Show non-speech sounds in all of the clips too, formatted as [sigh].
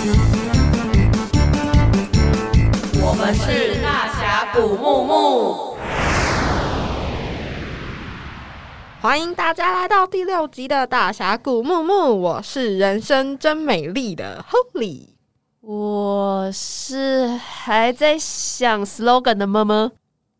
我們是大俠谷慕慕，歡迎大家來到第六集的《大俠谷慕慕》。我是人生真美麗的 Holly，我是還在想 slogan 的慕慕。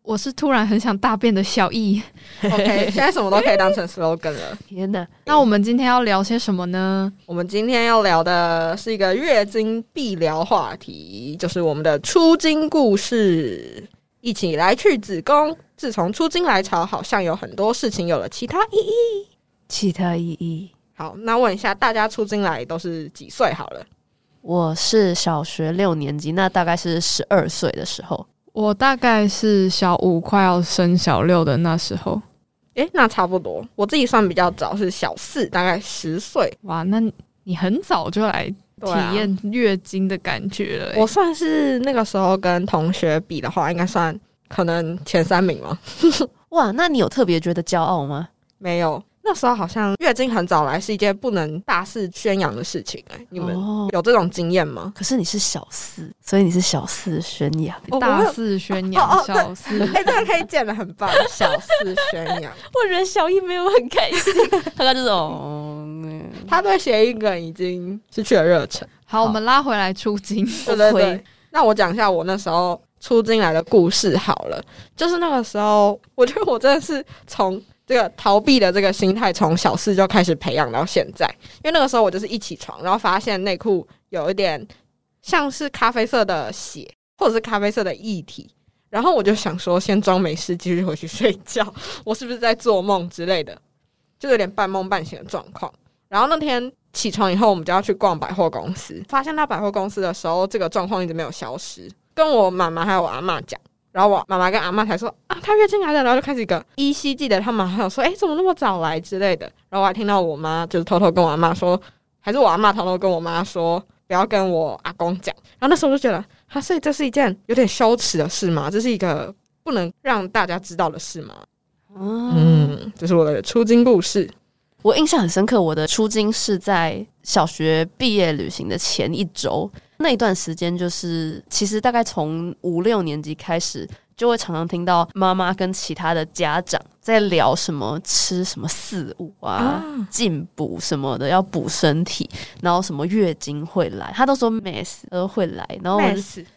我是突然很想大便的小易 [laughs] ，OK，現在什麼都可以當成 slogan 了， [laughs] 天哪。那我們今天要聊些什麼呢？ [laughs] 我們今天要聊的是一個月經必聊話題，就是我們的初經故事。一起來去子宮，自從初經來潮，好像有很多事情有了其他意義，其他意義。好，那問一下大家，初經來都是幾歲？好了，我是小學六年級，那大概是十二歲的時候。我大概是小五快要升小六的那時候，誒、欸，那差不多。我自己算比較早，是小四，大概十歲。哇，那你很早就來體驗月經的感覺了、欸啊。我算是那個時候跟同學比的話，應該算可能前三名了。 [laughs] 哇，那你有特別覺得驕傲嗎？沒有。那時候好像月經很早來是一件不能大肆宣揚的事情哎、欸哦，你們有這種經驗嗎？可是你是小四，所以你是小四宣揚、哦，大肆宣揚、哦哦，小四。哎、欸，這樣可以見得很棒， [laughs] 小四宣揚。我覺得小一沒有很開心， [laughs] 他這種、哦、他對諧音梗已經失去了熱忱好。好，我們拉回來初經，對對對。哦、那我講一下我那時候初經來的故事好了， [laughs] 就是那個時候，我覺得我真的是從。這個逃避的這個心態從小事就開始培養到現在，因為那個時候我就是一起床，然後發現內褲有一點像是咖啡色的血或者是咖啡色的液體，然後我就想說先裝沒事，繼續回去睡覺，我是不是在做夢之類的，就是有點半夢半醒的狀況。然後那天起床以後，我們就要去逛百貨公司，發現到百貨公司的時候，這個狀況一直沒有消失，跟我媽媽還有我阿嬤講。然後我媽媽跟阿嬤才說啊，他月經來了，然後就開始一個依稀記得他媽媽說，哎，怎麼那麼早來之類的。然後我還聽到我媽就偷偷跟我阿嬤說，還是我阿嬤偷偷跟我媽說，不要跟我阿公講。然後那時候我就覺得、啊，所以這是一件有點羞恥的事嗎？這是一個不能讓大家知道的事嗎？嗯，這、嗯，就是我的初經故事。我印象很深刻，我的初經是在小學畢業旅行的前一周。那一段時間，就是其實大概從五六年級開始，就會常常聽到媽媽跟其他的家長在聊什麼吃什麼四物啊，進、嗯、補什麼的，要補身體，然後什麼月經會來，他都說 mess 都會來，然後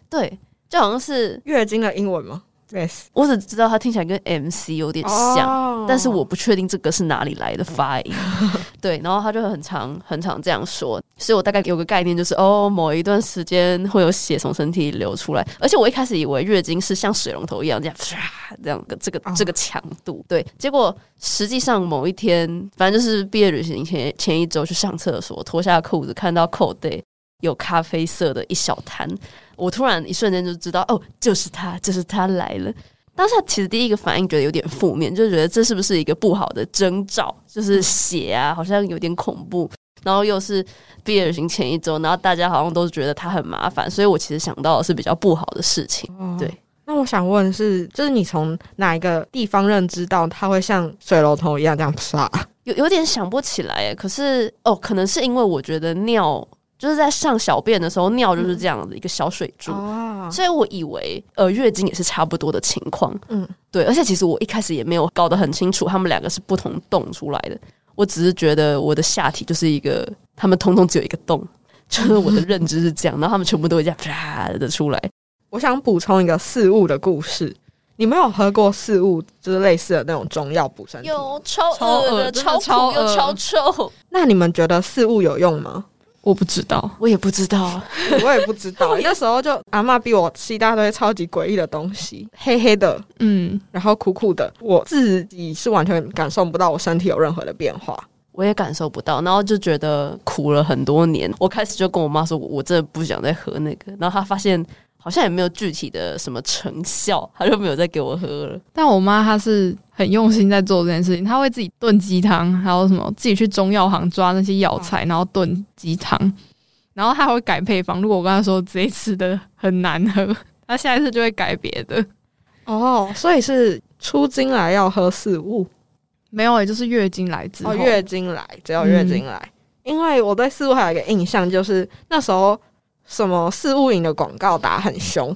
對，就好像是月經的英文嗎？Yes. 我只知道它聽起來跟 M C 有點像，oh，但是我不確定這個是哪裡來的發音。 [laughs] 對，然後他就很常很常這樣說，所以我大概有個概念，就是哦，某一段時間會有血從身體流出來，而且我一開始以為月經是像水龍頭一樣這樣刷，這樣個這個這個強度。對，結果實際上某一天，反正就是畢業旅行前前一周去上廁所，脫下褲子看到口袋。有咖啡色的一小灘我突然一瞬間就知道，哦，就是他，就是他來了。當下其實第一個反應覺得有點負面，就覺得這是不是一個不好的徵兆，就是血啊，好像有點恐怖。然後又是畢業旅行前一周，然後大家好像都覺得他很麻煩，所以我其實想到的是比較不好的事情。對，哦，那我想問是，就是你從哪一個地方認知到他會像水龍頭一樣這樣刷？有有點想不起來誒，可是哦，可能是因為我覺得尿。就是在上小便的時候，尿就是這樣的，嗯、一個小水柱，啊。所以我以為，呃，月經也是差不多的情況。嗯，對，而且其實我一開始也沒有搞得很清楚，他們兩個是不同洞出來的。我只是覺得我的下體就是一個，他們通通只有一個洞，就是我的認知是這樣。嗯、然後他們全部都會這樣啪啦啦啦的出來。我想補充一個四物的故事，你們有喝過四物，就是類似的那種中藥補身體，有超惡的、的，超苦又超、超臭。那你們覺得四物有用嗎？我不知道、嗯，我也不知道， [laughs] 我也不知道、欸。 [laughs] 那時候就阿嬤逼我吃一大堆超級詭異的東西，黑黑的，嗯，然後苦苦的，我自己是完全感受不到我身體有任何的變化，我也感受不到，然後就覺得苦了很多年。我開始就跟我媽說，我真的不想再喝那個，然後她發現。好像也沒有具體的什麼成效，他就沒有再給我喝了。但我媽她是很用心在做這件事情，她會自己燉雞湯，還有什麼自己去中藥行抓那些藥材，啊，然後燉雞湯，然後她會改配方。如果我跟她說這一次的很難喝，她下一次就會改別的。哦，所以是初經來要喝四物？沒有、欸，也就是月經來之、哦、月經來，只有月經來，只要月經來。因為我對四物還有一個印象，就是那時候。什麼四物飲的廣告打得很凶，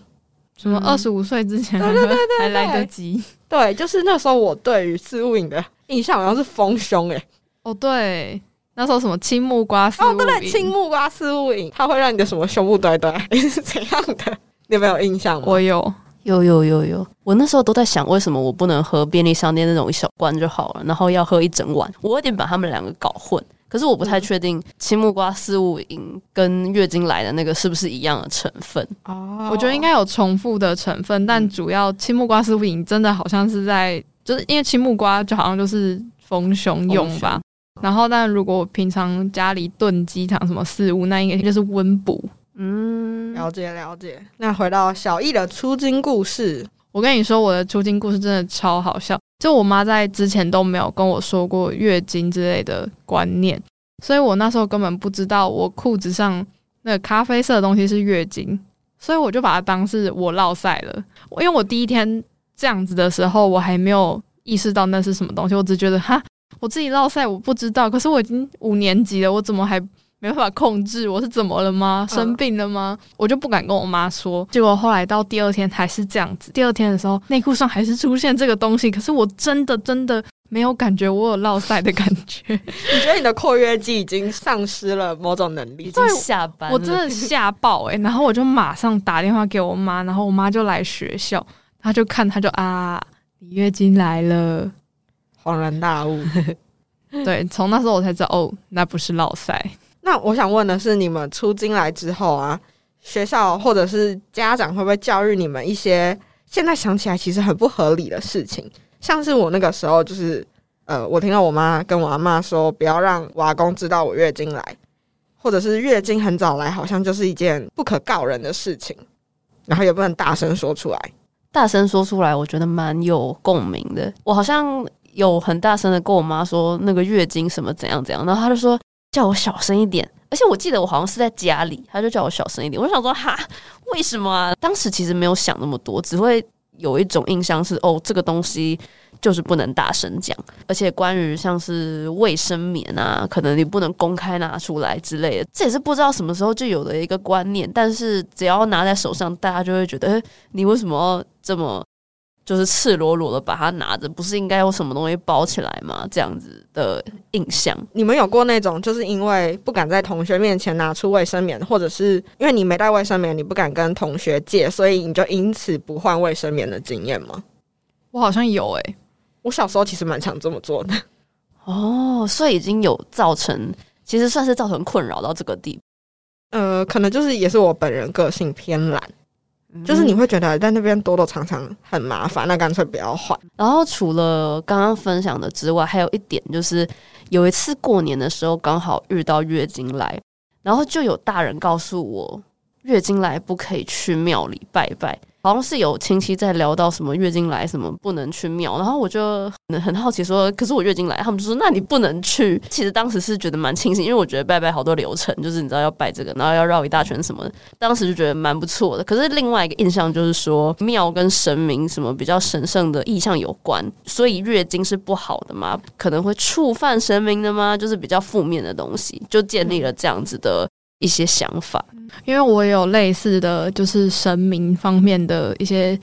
什麼二十五歲之前、嗯，對對,對對對，還來得及。對，就是那時候我對於四物飲的印象好像是豐胸，誒，哦對，那時候什麼青木瓜四物飲哦對,對對，青木瓜四物飲，它會讓你的什麼胸部堆堆是怎樣的？你有沒有印象？我有，有有有有。我那時候都在想，為什麼我不能喝便利商店那種一小罐就好了，然後要喝一整碗？我有點把他們兩個搞混。可是我不太確定青木瓜四物飲跟月經來的那個是不是一樣的成分哦，我覺得應該有重複的成分，但主要青木瓜四物飲真的好像是在就是因為青木瓜就好像就是豐胸用吧。然後，但如果我平常家裡燉雞湯什麼四物，那應該就是溫補。嗯，了解了解。那回到小易的初經故事，我跟你說我的初經故事真的超好笑。就我媽在之前都沒有跟我說過月經之類的觀念，所以我那時候根本不知道我褲子上那個咖啡色的東西是月經，所以我就把它當是我落賽了。因為我第一天這樣子的時候，我還沒有意識到那是什麼東西，我只覺得哈，我自己落賽我不知道。可是我已經五年級了，我怎麼還？沒辦法控制，我是怎麼了嗎？生病了嗎？嗯、我就不敢跟我媽說。結果後來到第二天還是這樣子。第二天的時候，內褲上還是出現這個東西。可是，我真的真的沒有感覺，我有烙賽的感覺。 [laughs] 你覺得你的括約肌已經喪失了某種能力？ [laughs] 已經下班了。對，嚇！我真的嚇爆誒、欸。然後我就馬上打電話給我媽，然後我媽就來學校，她就看，她就啊，你月經來了，恍然大悟。 [laughs] 對，從那時候我才知道，哦，那不是烙賽。那我想問的是，你們初經來之後啊，學校或者是家長會不會教育你們一些現在想起來其實很不合理的事情？像是我那個時候就是，呃，我聽到我媽跟我阿媽說，不要讓我阿公知道我月經來，或者是月經很早來，好像就是一件不可告人的事情，然後也不能大聲說出來。大聲說出來，我覺得蠻有共鳴的。我好像有很大聲的跟我媽說，那個月經什麼怎樣怎樣，然後她就說。叫我小聲一點，而且我記得我好像是在家裡，他就叫我小聲一點。我想說哈，為什麼啊？當時其實沒有想那麼多，只會有一種印象是，哦，這個東西就是不能大聲講，而且關於像是衛生棉啊，可能你不能公開拿出來之類的，這也是不知道什麼時候就有的一個觀念。但是只要拿在手上，大家就會覺得，誒，你為什麼要這麼？就是赤裸裸的把它拿着，不是應該有什麼東西包起來嗎？這樣子的印象。你們有過那種就是因為不敢在同學面前拿出衛生棉，或者是因為你沒帶衛生棉，你不敢跟同學借，所以你就因此不換衛生棉的經驗嗎？我好像有誒、欸，我小時候其實蠻常這麼做的。哦、oh,，所以已經有造成，其實算是造成困擾到這個地步。呃，可能就是也是我本人個性偏懶。就是你會覺得在那邊躲躲藏藏很麻煩，那乾脆不要換。嗯，然後除了剛剛分享的之外，還有一點就是，有一次過年的時候剛好遇到月經來，然後就有大人告訴我，月經來不可以去廟裡拜拜。好像是有親戚在聊到什麼月經來什麼不能去廟，然後我就很很好奇說，可是我月經來，他們就說，那你不能去。其實當時是覺得蠻慶幸，因為我覺得拜拜好多流程，就是你知道要拜這個，然後要繞一大圈什麼的，當時就覺得蠻不錯的。可是另外一個印象就是說，廟跟神明什麼比較神聖的意象有關，所以月經是不好的嘛，可能會觸犯神明的嘛，就是比較負面的東西，就建立了這樣子的一些想法，因為我也有類似的就是神明方面的一些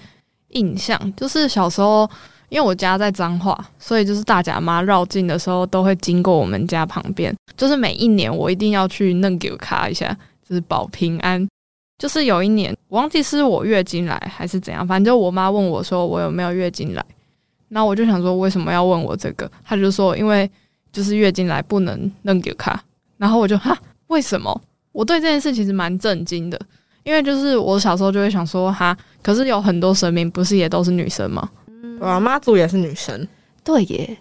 印象，就是小時候因為我家在彰化，所以就是大甲媽繞境的時候都會經過我們家旁邊，就是每一年我一定要去鑽轎腳一下，就是保平安。就是有一年我忘記是我月經來還是怎樣，反正就我媽問我說我有沒有月經來，那我就想說為什麼要問我這個？她就說因為就是月經來不能鑽轎腳，然後我就哈，為什麼？我對這件事其實蠻震驚的，因為就是我小時候就會想說哈，可是有很多神明不是也都是女神嗎？嗯、啊，我媽祖也是女神。對耶，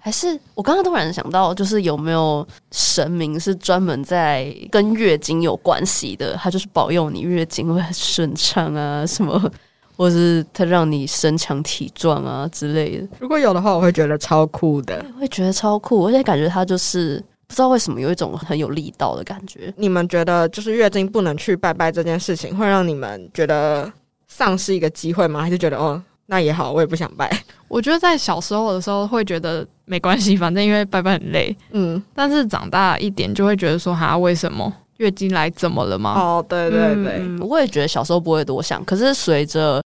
還是我剛剛突然想到，就是有沒有神明是專門在跟月經有關係的？他就是保佑你月經會很順暢啊，什麼，或是他讓你身強體壯啊之類的。如果有的話，我會覺得超酷的，會覺得超酷，而且感覺他就是。不知道為什麼有一種很有力道的感覺。你們覺得就是月經不能去拜拜這件事情，會讓你們覺得喪失一個機會嗎？還是覺得哦，那也好，我也不想拜。我覺得在小時候的時候會覺得沒關係，反正因為拜拜很累，嗯。但是長大一點就會覺得說，哈，為什麼月經來怎麼了嗎？哦，對對對，對、嗯，我也覺得小時候不會多想，可是隨着。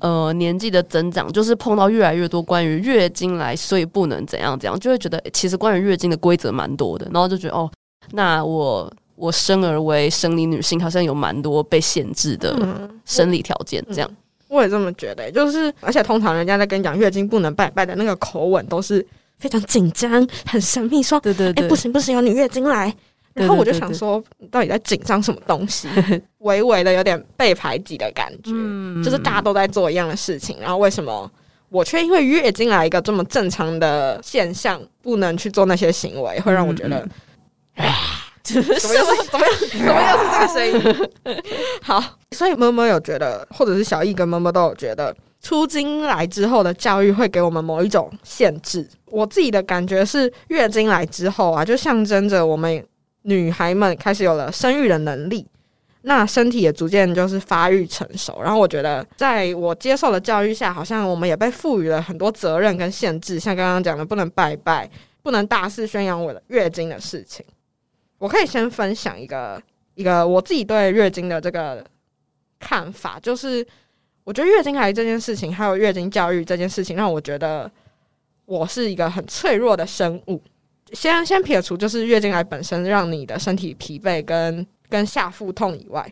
呃，年紀的增長，就是碰到越來越多關於月經來，所以不能怎樣怎樣，就會覺得其實關於月經的規則蠻多的，然後就覺得哦，那我我生而為生理女性，好像有蠻多被限制的生理條件，這樣、嗯我嗯。我也這麼覺得、欸，就是而且通常人家在跟你講月經不能拜拜的那個口吻都是非常緊張、很神秘說，說對，對對，對、欸，不行不行，有你月經來。然後我就想說，到底在緊張什麼東西？對對對對。微微的有點被排擠的感覺， [laughs] 就是大家都在做一樣的事情，嗯、然後為什麼我卻因為月經來一個這麼正常的現象，不能去做那些行為，會讓我覺得、嗯、啊 [laughs] 怎麼又是，怎麼怎麼怎麼又是這個聲音？ [laughs] 好，所以慕慕有覺得，或者是小藝、e、跟慕慕都有覺得，初經來之後的教育會給我們某一種限制。我自己的感覺是，月經來之後啊，就象徵着我們。女孩們開始有了生育的能力，那身體也逐漸就是發育成熟。然後我覺得，在我接受的教育下，好像我們也被賦予了很多責任跟限制。像剛剛講的，不能拜拜，不能大肆宣揚我的月經的事情。我可以先分享一個一個我自己對月經的這個看法，就是我覺得月經來這件事情，還有月經教育這件事情，讓我覺得我是一個很脆弱的生物。先先撇除，就是月經來本身讓你的身體疲憊跟跟下腹痛以外，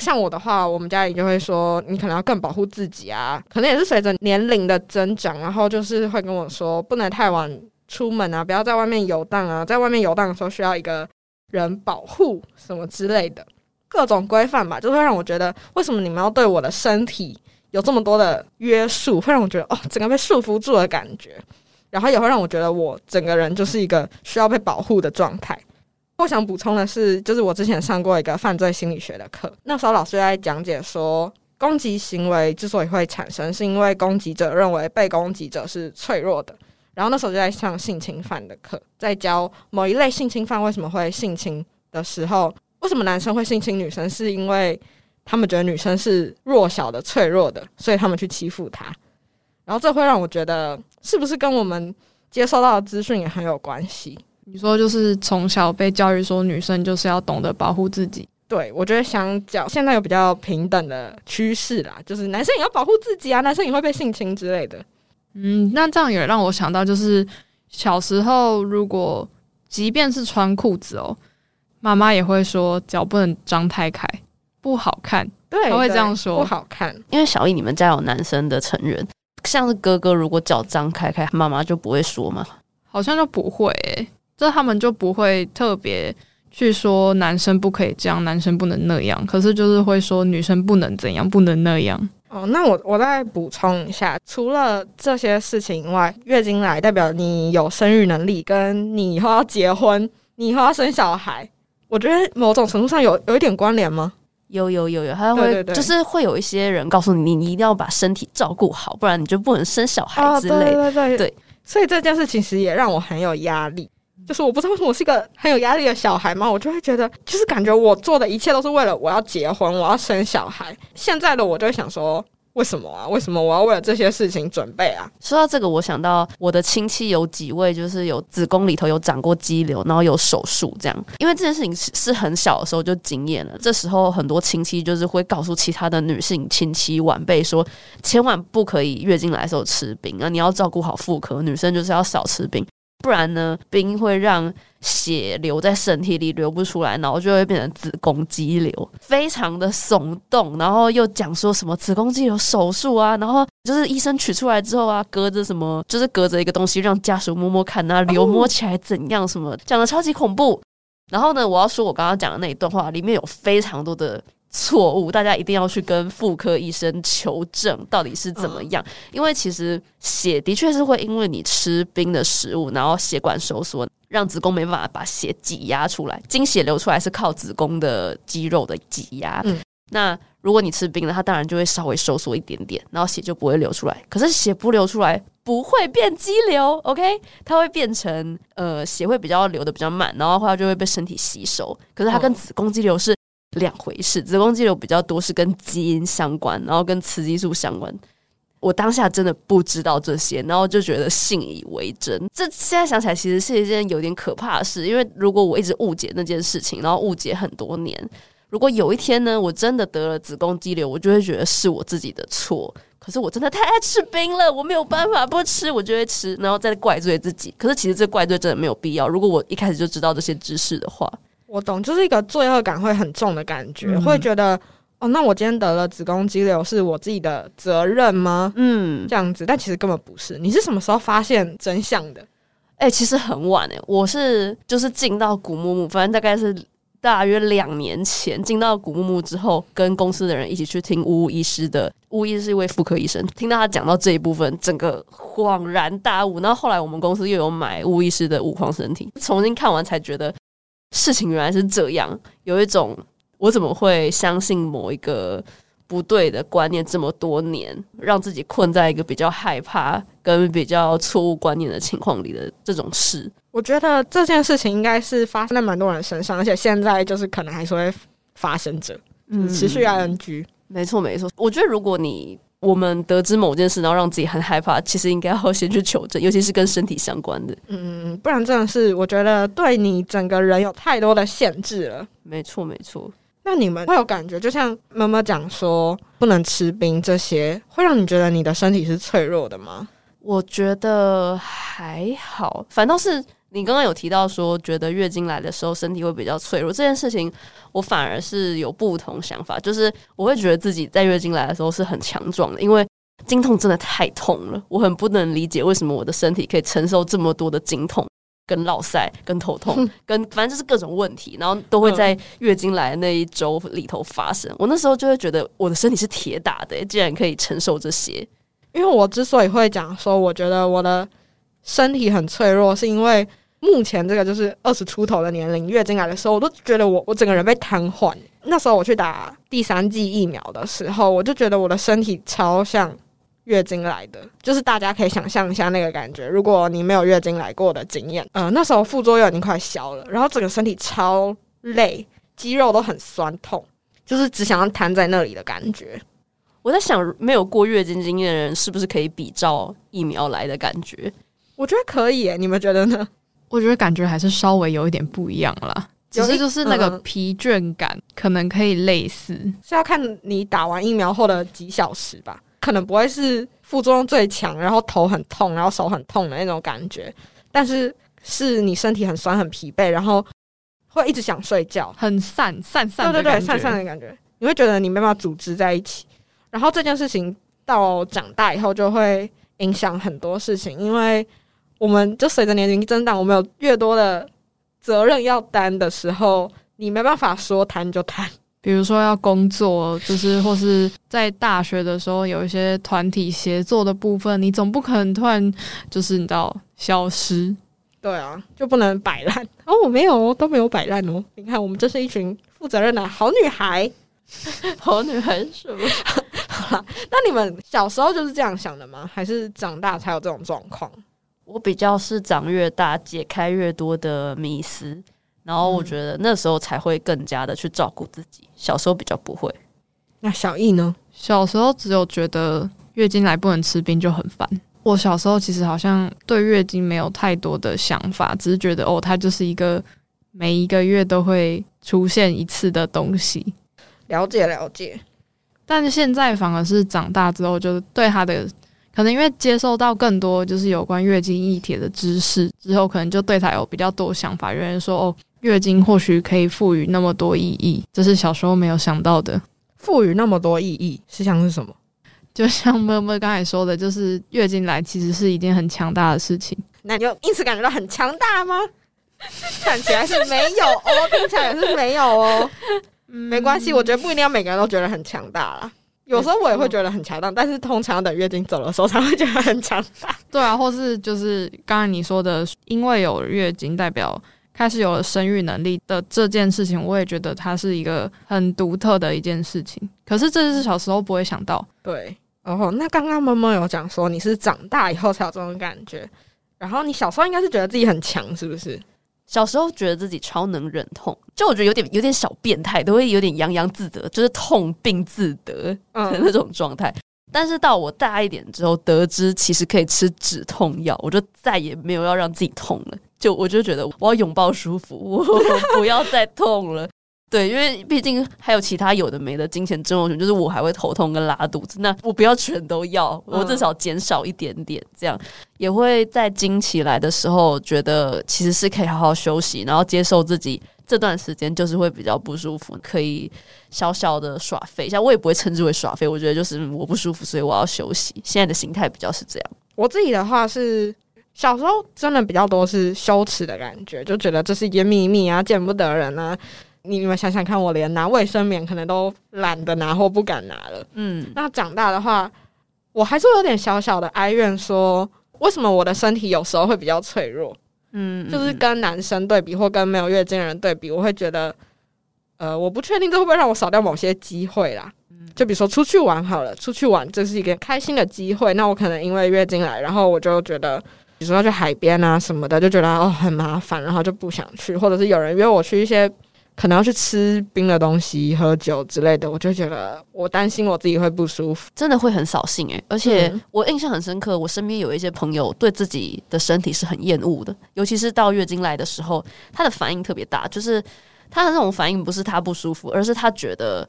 像我的話，我們家裡就會說，你可能要更保護自己啊，可能也是隨着年齡的增長，然後就是會跟我說，不能太晚出門啊，不要在外面遊蕩啊，在外面遊蕩的時候需要一個人保護什麼之類的，各種規範吧，就會讓我覺得，為什麼你們要對我的身體有這麼多的約束，會讓我覺得哦，整個被束縛住的感覺。然後也會讓我覺得我整個人就是一個需要被保護的狀態。我想補充的是，就是我之前上過一個犯罪心理學的課，那時候老師在講解說，攻擊行為之所以會產生，是因為攻擊者認為被攻擊者是脆弱的。然後那時候就在上性侵犯的課，在教某一類性侵犯為什麼會性侵的時候，為什麼男生會性侵女生，是因為他們覺得女生是弱小的、脆弱的，所以他們去欺負她。然後這會讓我覺得。是不是跟我們接收到的資訊也很有關係？你說就是從小被教育說女生就是要懂得保護自己，對，我覺得相較現在有比較平等的趨勢啦，就是男生也要保護自己啊，男生也會被性侵之類的。嗯，那這樣也讓我想到，就是小時候如果即便是穿褲子哦，媽媽也會說腳不能張太開，不好看。對，他會這樣說不好看，因為小藝你們家有男生的成員。像是哥哥，如果腳張開開，他媽媽就不會說嘛。好像就不會、欸，這他們就不會特別去說男生不可以這樣，男生不能那樣。可是就是會說女生不能怎樣，不能那樣。哦，那我我再補充一下，除了這些事情以外，月經來代表你有生育能力，跟你以後要結婚，你以後要生小孩，我覺得某種程度上有有一點關聯嗎？有有有有，他會就是會有一些人告訴你，你一定要把身體照顧好，不然你就不能生小孩之類的。啊、對，對，對，對，所以這件事情其實也讓我很有壓力，就是我不知道為什麼我是一個很有壓力的小孩嘛，我就會覺得，就是感覺我做的一切都是為了我要結婚，我要生小孩。現在的我就會想說，為什麼啊？為什麼我要為了這些事情準備啊？說到這個，我想到我的親戚有幾位，就是有子宮裡頭有長過肌瘤，然後有手術這樣。因為這件事情是是很小的時候就經驗了，這時候很多親戚就是會告訴其他的女性親戚晚輩說，千萬不可以月經來的時候吃冰，啊，你要照顧好婦科，女生就是要少吃冰。不然呢，冰會讓血流在身體裡流不出來，然後就會變成子宮肌瘤，非常的聳動。然後又講說什麼子宮肌瘤手術啊，然後就是醫生取出來之後啊，隔着什麼，就是隔着一個東西讓家屬摸摸看啊，流摸起來怎樣什麼，講的超級恐怖。然後呢，我要說我剛剛講的那一段話裡面有非常多的。錯誤，大家一定要去跟婦科醫生求證到底是怎麼樣，哦，因為其實血的確是會因為你吃冰的食物，然後血管收縮，讓子宮沒辦法把血擠壓出來。經血流出來是靠子宮的肌肉的擠壓，嗯。那如果你吃冰了，它當然就會稍微收縮一點點，然後血就不會流出來。可是血不流出來不會變肌瘤，OK？它會變成呃，血會比較流的比較慢，然後後來就會被身體吸收。可是它跟子宮肌瘤是。兩回事，子宮肌瘤比較多是跟基因相關，然後跟雌激素相關。我當下真的不知道這些，然後就覺得信以為真。這現在想起來，其實是一件有點可怕的事。因為如果我一直誤解那件事情，然後誤解很多年，如果有一天呢，我真的得了子宮肌瘤，我就會覺得是我自己的錯。可是我真的太愛吃冰了，我沒有辦法不吃，我就會吃，然後再怪罪自己。可是其實這怪罪真的沒有必要，如果我一開始就知道這些知識的話。我懂，就是一個罪惡感會很重的感覺，嗯、會覺得哦，那我今天得了子宮肌瘤是我自己的責任嗎？嗯，這樣子、嗯，但其實根本不是。你是什麼時候發現真相的？哎、欸，其實很晚哎，我是就是進到谷慕慕，反正大概是大約兩年前進到谷慕慕之後，跟公司的人一起去聽烏烏醫師的，烏醫師是一位婦科醫生，聽到他講到這一部分，整個恍然大悟。那後，後來我們公司又有買烏烏醫師的《無框身體》，重新看完才覺得。事情原來是這樣，有一種我怎麼會相信某一個不對的觀念這麼多年，讓自己困在一個比較害怕跟比較錯誤觀念的情況裡的這種事，我覺得這件事情應該是發生在蠻多人身上，而且現在就是可能還是會發生着、就是，嗯，持續 ing，沒錯沒錯，我覺得如果你。我們得知某件事，然後讓自己很害怕，其實應該要先去求證，尤其是跟身體相關的。嗯，不然真的是我覺得對你整個人有太多的限制了。沒錯，沒錯。那你們會有感覺，就像媽媽講說不能吃冰這些，會讓你覺得你的身體是脆弱的嗎？我覺得還好，反倒是。你剛剛有提到說，覺得月經來的時候身體會比較脆弱這件事情，我反而是有不同想法，就是我會覺得自己在月經來的時候是很強壯的，因為經痛真的太痛了，我很不能理解為什麼我的身體可以承受這麼多的經痛，跟腰腮跟頭痛，跟反正就是各種問題，然後都會在月經來的那一周裡頭發生，嗯。我那時候就會覺得我的身體是鐵打的，竟然可以承受這些。因為我之所以會講說，我覺得我的身體很脆弱，是因為。目前這個就是二十出頭的年齡，月經來的時候，我都覺得我我整個人被癱瘓。那時候我去打第三劑疫苗的時候，我就覺得我的身體超像月經來的，就是大家可以想象一下那個感覺。如果你沒有月經來過的經驗，嗯、呃，那時候副作用已經快消了，然後整個身體超累，肌肉都很痠痛，就是只想要癱在那裡的感覺。我在想，沒有過月經經驗的人是不是可以比照疫苗來的感覺？我覺得可以耶，你們覺得呢？我覺得感覺還是稍微有一點不一樣了，只是就是那個疲倦感、嗯、可能可以類似，是要看你打完疫苗後的幾小時吧，可能不會是副作用最強，然後頭很痛，然後手很痛的那種感覺，但是是你身體很酸很疲憊，然後會一直想睡覺，很散散散，對對對，散散的感覺，你會覺得你沒辦法組織在一起，然後這件事情到長大以後就會影響很多事情，因為。我們就隨着年齡增長，我們有越多的責任要擔的時候，你沒辦法說談就談。比如說要工作，就是或是在大學的時候有一些團體協作的部分，你總不可能突然就是你知道消失。對啊，就不能擺爛。哦，我沒有哦，都沒有擺爛哦。你看，我們這是一群負責任的好女孩， [laughs] 好女孩是不是？ [laughs] 好啦，那你們小時候就是這樣想的嗎？還是長大才有這種狀況？我比較是長越大解開越多的迷思，然後我覺得那時候才會更加的去照顧自己，小時候比較不會。那小易呢？小時候只有覺得月經來不能吃冰就很煩。我小時候其實好像對月經沒有太多的想法，只是覺得哦，它就是一個每一個月都會出現一次的東西。了解了解。但是現在反而是長大之後，就是對它的。可能因為接收到更多就是有關月經議題的知識之後，可能就對它有比較多想法。有人說：“哦，月經或許可以賦予那麼多意義，這是小時候沒有想到的。”賦予那麼多意義是像是什麼？就像慕慕剛才說的，就是月經來其實是一件很強大的事情。那你有因此感覺到很強大嗎？ [laughs] 看起來是沒有哦，聽起來也是沒有哦。嗯、沒關係，我覺得不一定要每個人都覺得很強大啦。有時候我也會覺得很強大，嗯，但是通常等月經走的時候才會覺得很強大。對啊，或是就是剛才你說的，因為有月經代表開始有了生育能力的這件事情，我也覺得它是一個很獨特的一件事情。可是這就是小時候不會想到。對，然後那剛剛萌萌有講說你是長大以後才有這種感覺，然後你小時候應該是覺得自己很強，是不是？小時候覺得自己超能忍痛，就我覺得有點有點小變態，都會有點洋洋自得，就是痛並自得的、嗯、那種狀態。但是到我大一點之後，得知其實可以吃止痛藥，我就再也沒有要讓自己痛了。就我就覺得我要擁抱舒服，我，我不要再痛了。 [laughs] 對，因為畢竟還有其他有的沒的經前症候群，就是我還會頭痛跟拉肚子，那我不要全都要，我至少減少一點點。這樣、嗯、也會在經期來的時候，覺得其實是可以好好休息，然後接受自己這段時間就是會比較不舒服，可以小小的耍廢一下。我也不會稱之為耍廢，我覺得就是我不舒服，所以我要休息。現在的心態比較是這樣。我自己的話是小時候真的比較多是羞恥的感覺，就覺得這是一個秘密啊，見不得人啊。你你們想想看，我連拿衛生棉可能都懶得拿或不敢拿了。嗯，那長大的話，我還是有點小小的哀怨說，說為什麼我的身體有時候會比較脆弱？嗯，嗯，就是跟男生對比或跟沒有月經人對比，我會覺得，呃，我不確定這會不會讓我少掉某些機會啦。嗯，就比如說出去玩好了，出去玩這是一個開心的機會，那我可能因為月經來，然後我就覺得，比如說要去海邊啊什麼的，就覺得哦很麻煩，然後就不想去，或者是有人約我去一些。可能要去吃冰的東西、喝酒之類的，我就覺得我擔心我自己會不舒服，真的會很掃興誒、欸。而且我印象很深刻，我身邊有一些朋友對自己的身體是很厭惡的，尤其是到月經來的時候，他的反應特別大，就是他的那種反應不是他不舒服，而是他覺得。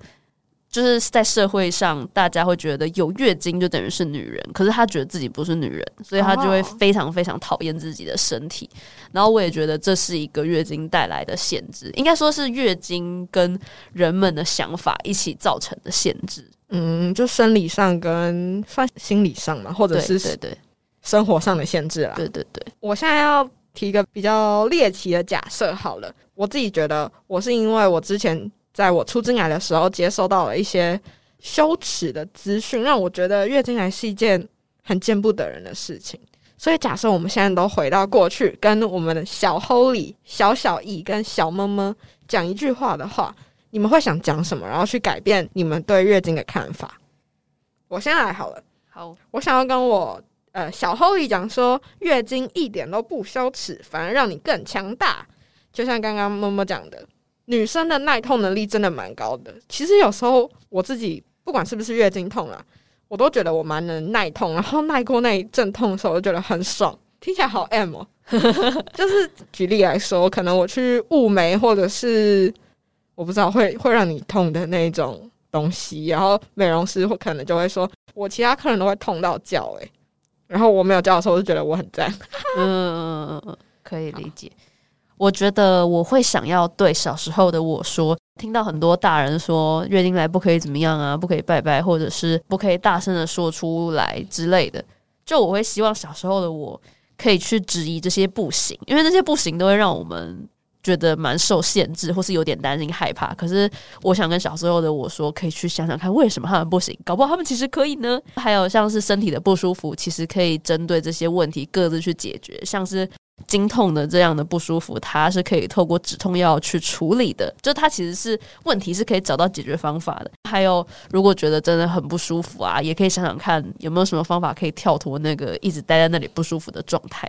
就是在社會上，大家會覺得有月經就等於是女人，可是她覺得自己不是女人，所以她就會非常非常討厭自己的身體，哦。然後我也覺得這是一個月經帶來的限制，應該說是月經跟人們的想法一起造成的限制。嗯，就生理上跟算心理上嘛，或者是對對，對生活上的限制啦。對對對，我現在要提一個比較獵奇的假設好了，我自己覺得我是因為我之前。在我初經來的時候，接收到了一些羞恥的資訊，讓我覺得月經來是一件很見不得人的事情。所以，假設我們現在都回到過去，跟我們的小 Holy、小小易、跟小麼麼講一句話的話，你們會想講什麼，然後去改變你們對月經的看法？我先來好了。好，我想要跟我呃小 Holy 講說，月經一點都不羞恥，反而讓你更強大，就像剛剛麼麼講的。女生的耐痛能力真的蠻高的。其實有時候我自己不管是不是月經痛啦，啊，我都覺得我蠻能耐痛，然後耐過那一陣痛的時候，我覺得很爽。聽起來好 M 哦， [laughs] 就是舉例來說，可能我去霧眉或者是我不知道會會讓你痛的那種東西，然後美容師會可能就會說，我其他客人都會痛到叫誒、欸，然後我沒有叫的時候，就覺得我很讚。嗯嗯嗯嗯，可以理解。我覺得我會想要對小時候的我說，聽到很多大人說“月經來不可以怎麼樣啊，不可以拜拜，或者是不可以大聲的說出來之類的”，就我會希望小時候的我可以去質疑這些不行，因為這些不行都會讓我們覺得蠻受限制，或是有點擔心害怕。可是我想跟小時候的我說，可以去想想看，為什麼他們不行？搞不好他們其實可以呢。還有像是身體的不舒服，其實可以針對這些問題各自去解決，像是，經痛的這樣的不舒服，它是可以透過止痛藥去處理的，就它其實是問題是可以找到解決方法的。還有，如果覺得真的很不舒服啊，也可以想想看有沒有什麼方法可以跳脫那個一直待在那裡不舒服的狀態。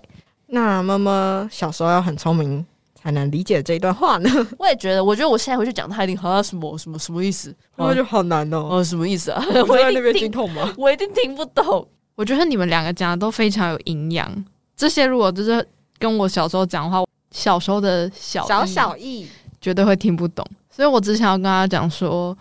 那媽媽小時候要很聰明才能理解這一段話呢？我也覺得，我覺得我現在回去講他一定，啊、什麼什麼什麼意思？我覺得好難哦。哦、啊，什麼意思啊？我在那邊聽經痛嗎我？我一定聽不懂。我覺得你們兩個講的都非常有營養。這些如果就是。跟我小時候講話，小時候的小小小易絕對會聽不懂，所以我只想要跟他講說，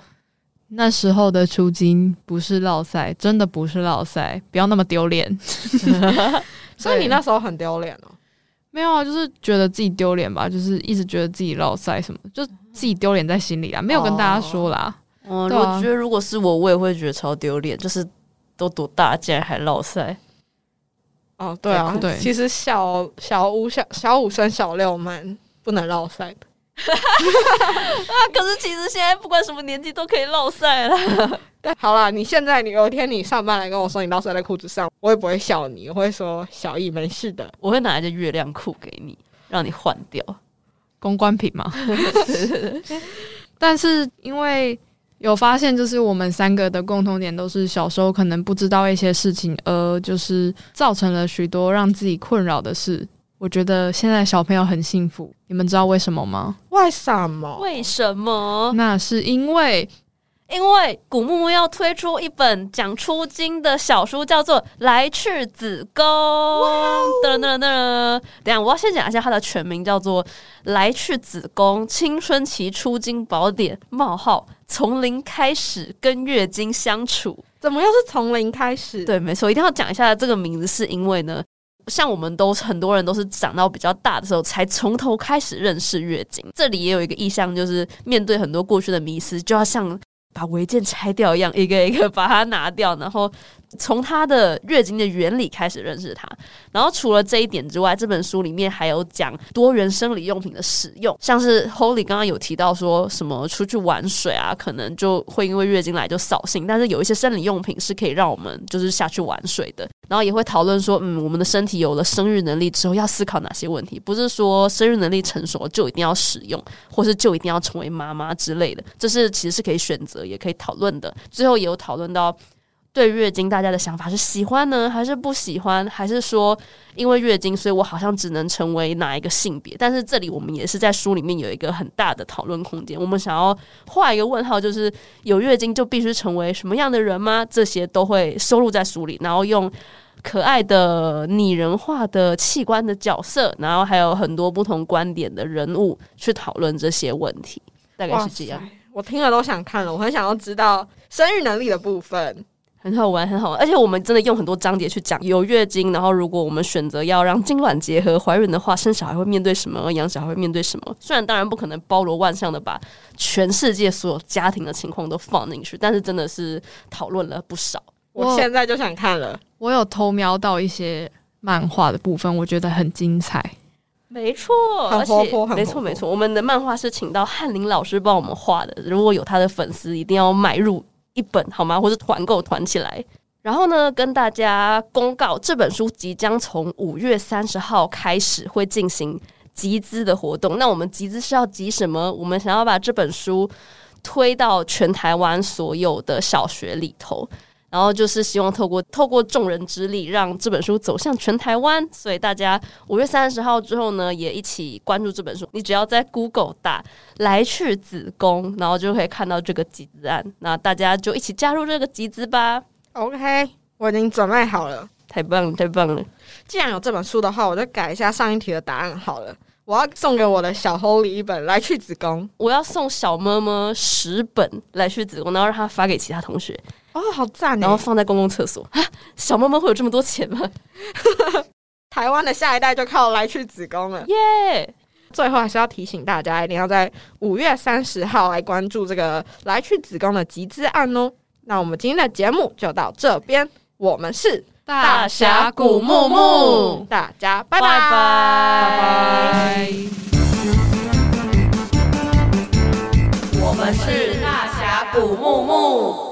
那時候的初經不是落賽，真的不是落賽，不要那麼丟臉 [laughs] [laughs] 所以你那時候很丟臉哦？沒有啊，就是覺得自己丟臉吧，就是一直覺得自己落賽什麼，就自己丟臉在心裡啊，沒有跟大家說啦。我、哦嗯啊、覺得如果是我，我也會覺得超丟臉，就是都多大，竟然還落賽。哦，對啊，對、欸，其實小小，小五、小小五升小六蠻不能落賽的。哈 [laughs] [laughs] [laughs] 可是其實現在不管什麼年紀都可以落賽了。 [laughs] 對，好啦，你現在你有一天你上班來跟我說你落賽在褲子上，我也不會笑你，我會說小易沒事的， [laughs] 我會拿一件月亮褲給你，讓你換掉，公關品嗎？ [laughs] [laughs] [laughs] 但是因為。有發現，就是我們三個的共同點都是小時候可能不知道一些事情，而就是造成了許多讓自己困擾的事。我覺得現在小朋友很幸福，你們知道為什麼嗎？為什麼？為什麼？那是因為，因為谷慕慕要推出一本講初經的小書，叫做《來去子宮》。哦，等、等、等、等，等下我要先講一下它的全名，叫做《來去子宮：青春期初經寶典》。冒號從零開始跟月經相處，怎麼又是從零開始？對，沒錯，一定要講一下這個名字，是因為呢，像我們都很多人都是長到比較大的時候才從頭開始認識月經。這裡也有一個意象，就是面對很多過去的迷思，就要像。把違建拆掉一樣，一個一個把它拿掉，然後從它的月經的原理開始認識它。然後除了這一點之外，這本書裡面還有講多元生理用品的使用，像是 Holy 剛剛有提到說什麼出去玩水啊，可能就會因為月經來就掃興，但是有一些生理用品是可以讓我們就是下去玩水的。然後也會討論說，嗯，我們的身體有了生育能力之後要思考哪些問題，不是說生育能力成熟就一定要使用，或是就一定要成為媽媽之類的，這是其實是可以選擇。也可以討論的，最後也有討論到對月經大家的想法是喜歡呢，還是不喜歡，還是說因為月經，所以我好像只能成為哪一個性別？但是這裡我們也是在書裡面有一個很大的討論空間，我們想要畫一個問號，就是有月經就必須成為什麼樣的人嗎？這些都會收錄在書裡，然後用可愛的擬人化的器官的角色，然後還有很多不同觀點的人物去討論這些問題，大概是這樣。我聽了都想看了，我很想要知道生育能力的部分，很好玩，很好玩。而且我們真的用很多章節去講，有月經，然後如果我們選擇要讓精卵結合懷孕的話，生小孩會面對什麼，養小孩會面對什麼。雖然當然不可能包羅萬象的把全世界所有家庭的情況都放進去，但是真的是討論了不少。Oh, 我現在就想看了，我有偷瞄到一些漫畫的部分，我覺得很精彩。沒錯，而且沒錯沒錯。我們的漫畫是請到翰林老師幫我們畫的，如果有他的粉絲，一定要買入一本，好嗎？或是團購團起來。然後呢，跟大家公告，這本書即將從五月三十號開始會進行集資的活動。那我們集資是要集什麼？我們想要把這本書推到全台灣所有的小學裡頭。然後就是希望透過透過眾人之力，讓這本書走向全台灣。所以大家五月三十號之後呢，也一起關注這本書。你只要在 Google 打“來去子宮”，然後就可以看到這個集資案。那大家就一起加入這個集資吧。OK，我已經準備好了，太棒了，太棒了！既然有這本書的話，我就改一下上一題的答案好了。我要送給我的小 Holy 一本來去子宮，我要送小慕慕十本來去子宮，然後讓他發給其他同學。哦，好讚！然後放在公共廁所，啊、小貓貓會有這麼多錢嗎？ [laughs] 台灣的下一代就靠來去子宮了，耶、yeah!！最後還是要提醒大家，一定要在五月三十號來關注這個來去子宮的集資案哦。那我們今天的節目就到這邊，我們是大俠谷慕慕，大家拜拜拜拜，我們是大俠谷慕慕。